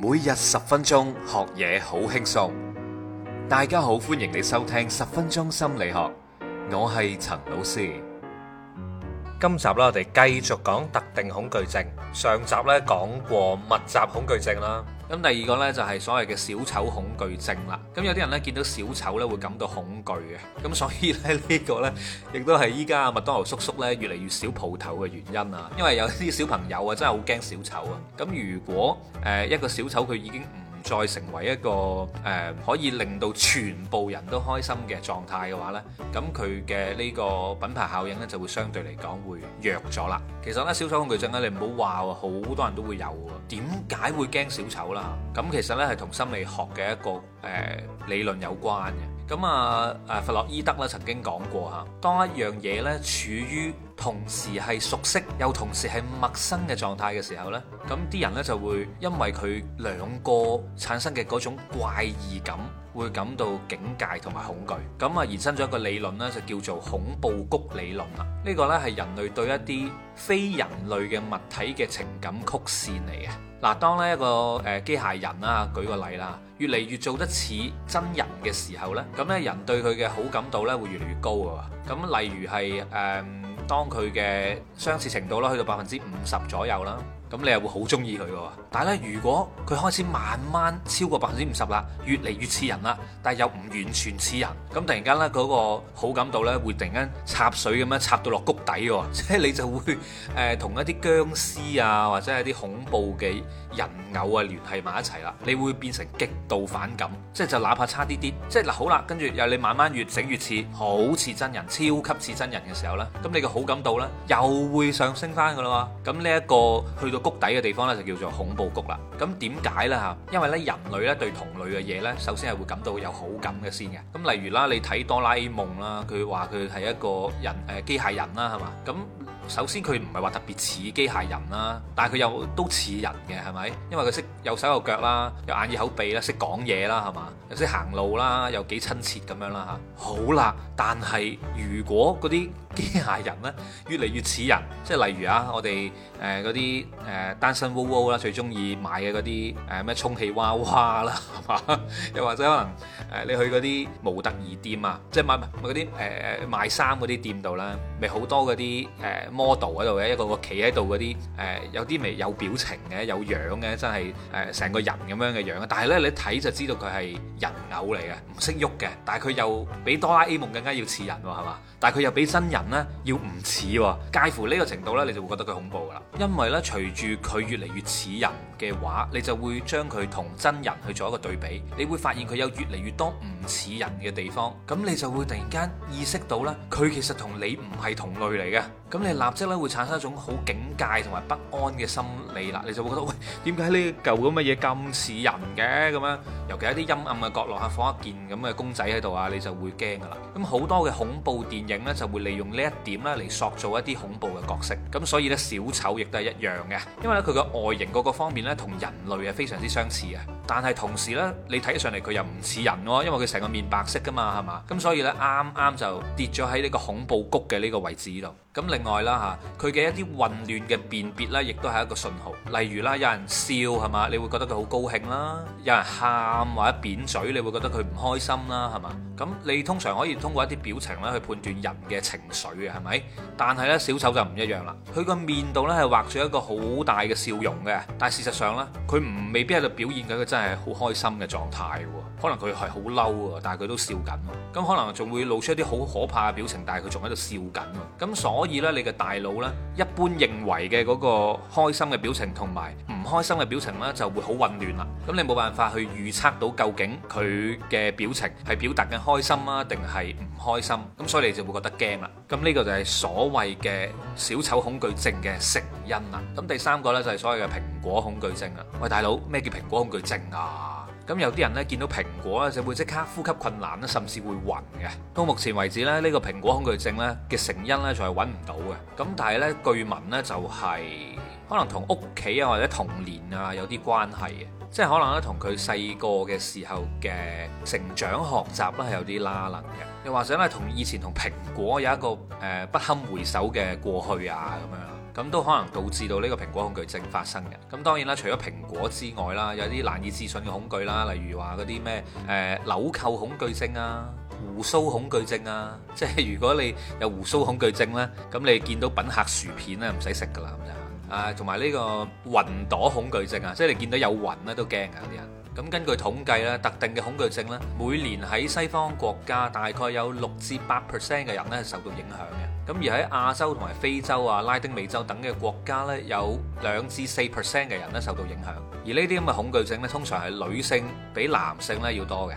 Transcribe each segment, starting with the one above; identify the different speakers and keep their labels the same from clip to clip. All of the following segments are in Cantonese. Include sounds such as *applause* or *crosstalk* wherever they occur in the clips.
Speaker 1: 每日十分鐘學嘢好輕鬆，大家好，歡迎你收聽十分鐘心理學，我係陳老師。今集啦，我哋繼續講特定恐懼症。上集咧，講過密集恐懼症啦。咁第二個呢，就係、是、所謂嘅小丑恐懼症啦。咁有啲人呢，見到小丑呢，會感到恐懼嘅，咁所以呢，呢、這個呢，亦都係依家麥當勞叔叔呢，越嚟越少鋪頭嘅原因啊。因為有啲小朋友啊真係好驚小丑啊。咁如果誒、呃、一個小丑佢已經唔再成為一個誒、呃、可以令到全部人都開心嘅狀態嘅話呢，咁佢嘅呢個品牌效應呢，就會相對嚟講會弱咗啦。其實呢，小丑恐懼症咧，你唔好話好多人都會有喎。點解會驚小丑啦？咁其實呢，係同心理學嘅一個誒、呃、理論有關嘅。咁啊，誒弗洛伊德咧曾經講過吓，當一樣嘢咧處於同時，係熟悉又同時係陌生嘅狀態嘅時候咧，咁啲人咧就會因為佢兩個產生嘅嗰種怪異感，會感到警戒同埋恐懼，咁啊延伸咗一個理論呢就叫做恐怖谷理論啦。呢、呢個呢，係人類對一啲非人類嘅物體嘅情感曲線嚟嘅。嗱，當呢一個誒機械人啦，舉個例啦，越嚟越做得似真人嘅時候呢，咁呢人對佢嘅好感度呢會越嚟越高嘅。咁例如係誒、呃，當佢嘅相似程度啦，去到百分之五十左右啦。咁你又會好中意佢喎，但係咧，如果佢開始慢慢超過百分之五十啦，越嚟越似人啦，但係又唔完全似人，咁突然間呢，嗰個好感度呢會突然間插水咁樣插到落谷底喎，即係你就會誒同一啲僵屍啊或者係啲恐怖嘅人偶啊聯繫埋一齊啦，你會變成極度反感，即係就哪怕差啲啲，即係嗱好啦，跟住又你慢慢越整越似，好似真人，超級似真人嘅時候呢，咁你嘅好感度呢又會上升翻噶啦嘛，咁呢一個去到。谷底嘅地方咧就叫做恐怖谷啦。咁點解呢？吓，因為咧人類咧對同類嘅嘢呢，首先係會感到有好感嘅先嘅。咁例如啦，你睇哆啦 A 夢啦，佢話佢係一個人誒機械人啦，係嘛？咁首先佢唔係話特別似機械人啦，但係佢又都似人嘅係咪？因為佢識有手有腳啦，又眼耳口鼻啦，識講嘢啦係嘛，又識行路啦，又幾親切咁樣啦吓，好啦，但係如果嗰啲機械人呢，越嚟越似人，即係例如啊，我哋誒嗰啲誒單身 wo 啦，最中意買嘅嗰啲誒咩充氣娃娃啦，係、呃、嘛？又或者可能誒、呃、你去嗰啲模特兒店啊，即係、呃呃、買啲誒賣衫嗰啲店度啦，咪好多嗰啲誒。呃 model 喺度嘅一個個企喺度嗰啲，誒、呃、有啲咪有表情嘅，有樣嘅，真係誒成個人咁樣嘅樣。但係呢，你睇就知道佢係人偶嚟嘅，唔識喐嘅。但係佢又比哆啦 A 夢更加要似人喎，係嘛？但係佢又比真人呢要唔似，介乎呢個程度呢，你就會覺得佢恐怖噶啦。因為呢，隨住佢越嚟越似人。嘅話，你就會將佢同真人去做一個對比，你會發現佢有越嚟越多唔似人嘅地方，咁你就會突然間意識到啦，佢其實同你唔係同類嚟嘅，咁你立即咧會產生一種好警戒同埋不安嘅心理啦，你就會覺得喂，點解呢舊咁嘅嘢咁似人嘅咁樣？尤其一啲陰暗嘅角落下放一件咁嘅公仔喺度啊，你就會驚噶啦。咁好多嘅恐怖電影咧就會利用呢一點咧嚟塑造一啲恐怖嘅角色，咁所以咧小丑亦都係一樣嘅，因為咧佢嘅外形各個方面同人類啊非常之相似啊，但係同時咧，你睇上嚟佢又唔似人喎，因為佢成個面白色㗎嘛，係嘛？咁所以呢，啱啱就跌咗喺呢個恐怖谷嘅呢個位置度。咁另外啦嚇，佢嘅一啲混亂嘅辨別呢，亦都係一個信號。例如啦，有人笑係嘛，你會覺得佢好高興啦；有人喊或者扁嘴，你會覺得佢唔開心啦，係嘛？咁你通常可以通過一啲表情咧去判斷人嘅情緒嘅，係咪？但係呢，小丑就唔一樣啦，佢個面度呢，係畫咗一個好大嘅笑容嘅，但事實上啦，佢唔未必喺度表現緊佢真係好開心嘅狀態喎，可能佢係好嬲啊，但係佢都笑緊，咁可能仲會露出一啲好可怕嘅表情，但係佢仲喺度笑緊，咁所以咧，你嘅大腦咧一般認為嘅嗰個開心嘅表情同埋唔開心嘅表情咧就會好混亂啦，咁你冇辦法去預測到究竟佢嘅表情係表達緊開心啊定係唔開心，咁所以你就會覺得驚啦，咁呢個就係所謂嘅小丑恐懼症嘅成因啦，咁第三個咧就係所謂嘅平果恐懼症啊！喂大，大佬，咩叫蘋果恐懼症啊？咁有啲人呢，見到蘋果呢，就會即刻呼吸困難咧，甚至會暈嘅。到目前為止呢，呢、這個蘋果恐懼症呢嘅成因呢，仲係揾唔到嘅。咁但係呢，據聞呢，就係、是、可能同屋企啊或者童年啊有啲關係嘅，即係可能咧同佢細個嘅時候嘅成長學習咧係有啲拉能嘅。又或者呢，同以前同蘋果有一個誒、呃、不堪回首嘅過去啊咁樣。咁都可能導致到呢個蘋果恐懼症發生嘅。咁當然啦，除咗蘋果之外啦，有啲難以置信嘅恐懼啦，例如話嗰啲咩誒紐扣恐懼症啊、鬍鬚恐懼症啊，即係如果你有鬍鬚恐懼症呢，咁你見到品客薯片咧唔使食㗎啦，咁就啊，同埋呢個雲朵恐懼症啊，即係你見到有雲咧都驚嘅嗰啲人。咁根據統計咧，特定嘅恐懼症咧，每年喺西方國家大概有六至八 percent 嘅人咧受到影響嘅。咁而喺亞洲同埋非洲啊、拉丁美洲等嘅國家咧，有兩至四 percent 嘅人咧受到影響。而呢啲咁嘅恐懼症咧，通常係女性比男性咧要多嘅。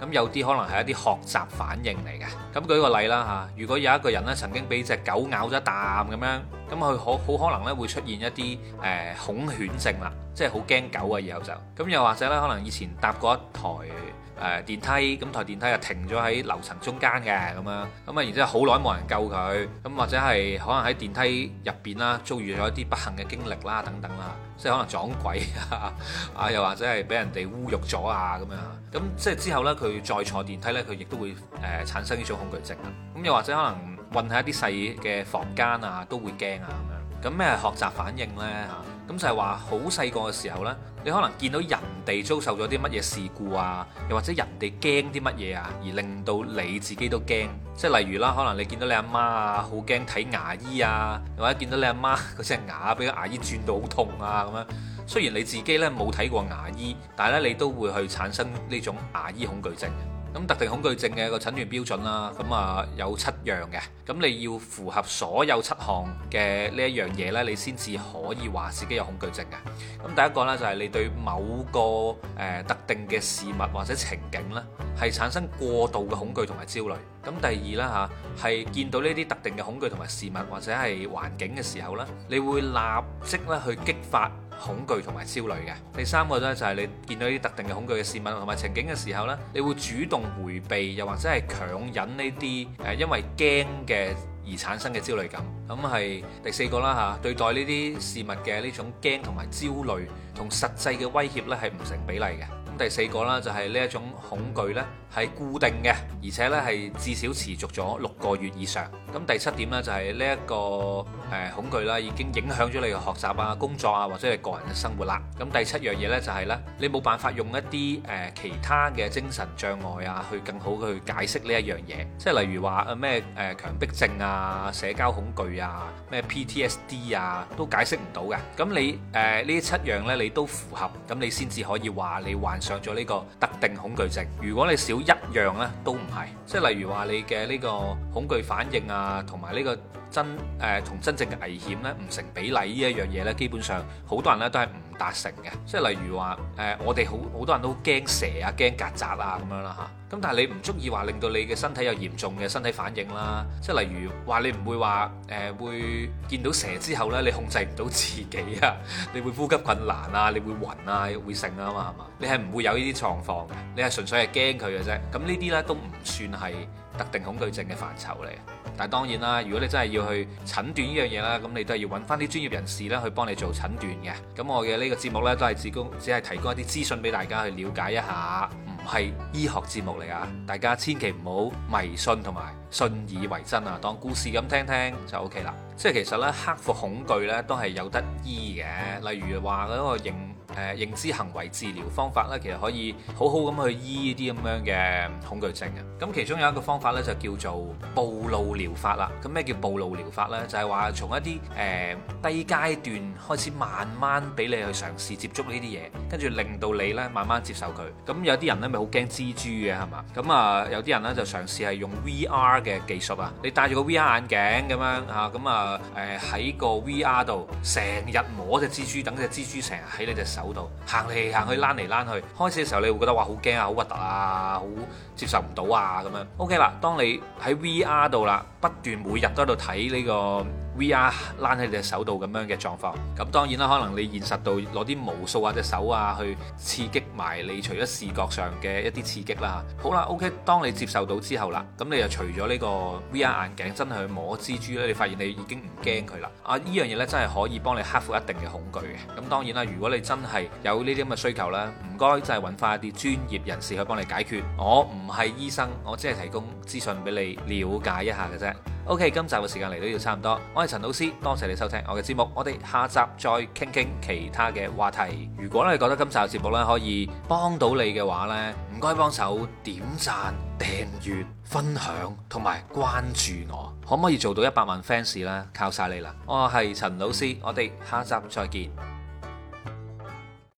Speaker 1: 咁有啲可能係一啲學習反應嚟嘅，咁舉個例啦吓，如果有一個人咧曾經俾隻狗咬咗啖咁樣，咁佢好好可能咧會出現一啲誒、欸、恐犬症啦，即係好驚狗啊，然後就咁又或者咧可能以前搭過一台誒、呃、電梯，咁台電梯啊停咗喺樓層中間嘅咁樣咁啊，然之後好耐冇人救佢，咁或者係可能喺電梯入邊啦遭遇咗一啲不幸嘅經歷啦等等啦，即係可能撞鬼啊啊又或者係俾人哋侮辱咗啊咁樣。咁即係之後咧佢。佢再坐電梯呢佢亦都會誒、呃、產生呢種恐懼症啊。咁又或者可能運喺一啲細嘅房間啊，都會驚啊咁樣。咁咩係學習反應呢？吓、啊？咁就係話好細個嘅時候呢，你可能見到人哋遭受咗啲乜嘢事故啊，又或者人哋驚啲乜嘢啊，而令到你自己都驚。即係例如啦，可能你見到你阿媽啊，好驚睇牙醫啊，又或者見到你阿媽嗰隻牙俾個牙醫轉到好痛啊咁樣。雖然你自己咧冇睇過牙醫，但係咧你都會去產生呢種牙醫恐懼症。咁特定恐懼症嘅一個診斷標準啦，咁啊有七樣嘅，咁你要符合所有七項嘅呢一樣嘢咧，你先至可以話自己有恐懼症嘅。咁第一個咧就係你對某個誒特定嘅事物或者情景咧係產生過度嘅恐懼同埋焦慮。咁第二啦嚇係見到呢啲特定嘅恐懼同埋事物或者係環境嘅時候咧，你會立即咧去激發。恐懼同埋焦慮嘅，第三個咧就係你見到啲特定嘅恐懼嘅事物同埋情景嘅時候呢，你會主動迴避又或者係強忍呢啲誒因為驚嘅而產生嘅焦慮感，咁、嗯、係第四個啦嚇、啊，對待呢啲事物嘅呢種驚同埋焦慮同實際嘅威脅呢係唔成比例嘅。咁、嗯、第四個啦就係呢一種恐懼呢係固定嘅，而且呢係至少持續咗六個月以上。咁第七點咧就係呢一個誒恐懼啦，已經影響咗你嘅學習啊、工作啊或者係個人嘅生活啦。咁第七樣嘢咧就係咧，你冇辦法用一啲誒其他嘅精神障礙啊，去更好去解釋呢一樣嘢，即係例如話啊咩誒強迫症啊、社交恐懼啊、咩 PTSD 啊都解釋唔到嘅。咁你誒呢七樣咧你都符合，咁你先至可以話你患上咗呢個特定恐懼症。如果你少一樣咧都唔係，即係例如話你嘅呢個恐懼反應啊。啊，同埋呢個真誒同、呃、真正嘅危險呢，唔成比例呢一樣嘢呢，基本上好多人呢都係唔達成嘅。即係例如話誒，我哋好好多人都驚、呃、蛇啊、驚曱甴啊咁樣啦嚇。咁但係你唔足以話令到你嘅身體有嚴重嘅身體反應啦、啊。即係例如話你唔會話誒、呃、會見到蛇之後呢，你控制唔到自己啊， *laughs* 你會呼吸困難啊，你會暈會啊，會剩啊嘛係嘛？你係唔會有呢啲狀況嘅，你係純粹係驚佢嘅啫。咁呢啲呢都唔算係特定恐懼症嘅範疇嚟。但係當然啦，如果你真係要去診斷呢樣嘢啦，咁你都係要揾翻啲專業人士呢去幫你做診斷嘅。咁我嘅呢個節目呢，都係只供只係提供一啲資訊俾大家去了解一下，唔係醫學節目嚟啊！大家千祈唔好迷信同埋信以為真啊，當故事咁聽聽就 OK 啦。即係其實呢，克服恐懼呢都係有得醫嘅。例如話嗰個認誒、呃、認知行為治療方法呢，其實可以好好咁去醫呢啲咁樣嘅恐懼症嘅。咁其中有一個方法呢，就叫做暴露療療法啦，咁咩叫暴露療法呢？就係話從一啲誒、呃、低階段開始，慢慢俾你去嘗試接觸呢啲嘢，跟住令到你咧慢慢接受佢。咁、嗯、有啲人呢咪好驚蜘蛛嘅係嘛？咁啊、嗯、有啲人呢就嘗試係用 VR 嘅技術啊，你戴住個 VR 眼鏡咁樣啊，咁啊誒喺個 VR 度成日摸隻蜘蛛，等隻蜘蛛成日喺你隻手度行嚟行去躝嚟躝去。開始嘅時候你會覺得哇好驚啊，好核突啊，好接受唔到啊咁樣。OK 啦，當你喺 VR 度啦。不斷每日都喺度睇呢個。VR 攬喺你隻手度咁樣嘅狀況，咁當然啦，可能你現實度攞啲毛素啊隻手啊去刺激埋你，除咗視覺上嘅一啲刺激啦。好啦，OK，當你接受到之後啦，咁你又除咗呢個 VR 眼鏡，真係去摸蜘蛛咧，你發現你已經唔驚佢啦。啊，呢樣嘢咧真係可以幫你克服一定嘅恐懼嘅。咁當然啦，如果你真係有呢啲咁嘅需求咧，唔該真係揾翻一啲專業人士去幫你解決。我唔係醫生，我只係提供資訊俾你了解一下嘅啫。O.K. 今集嘅時間嚟到要差唔多，我係陳老師，多謝你收聽我嘅節目，我哋下集再傾傾其他嘅話題。如果你覺得今集嘅節目呢，可以幫到你嘅話呢，唔該幫手點讚、訂閱、分享同埋關注我，可唔可以做到一百萬 fans 呢？靠晒你啦！我係陳老師，我哋下集再見。